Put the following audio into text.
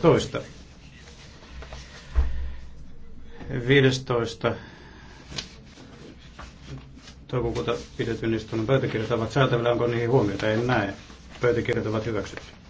2011. 15. toukokuuta pidetyn istunnon pöytäkirjat ovat saatavilla. Onko niihin huomiota? En näe. Pöytäkirjat ovat hyväksytty.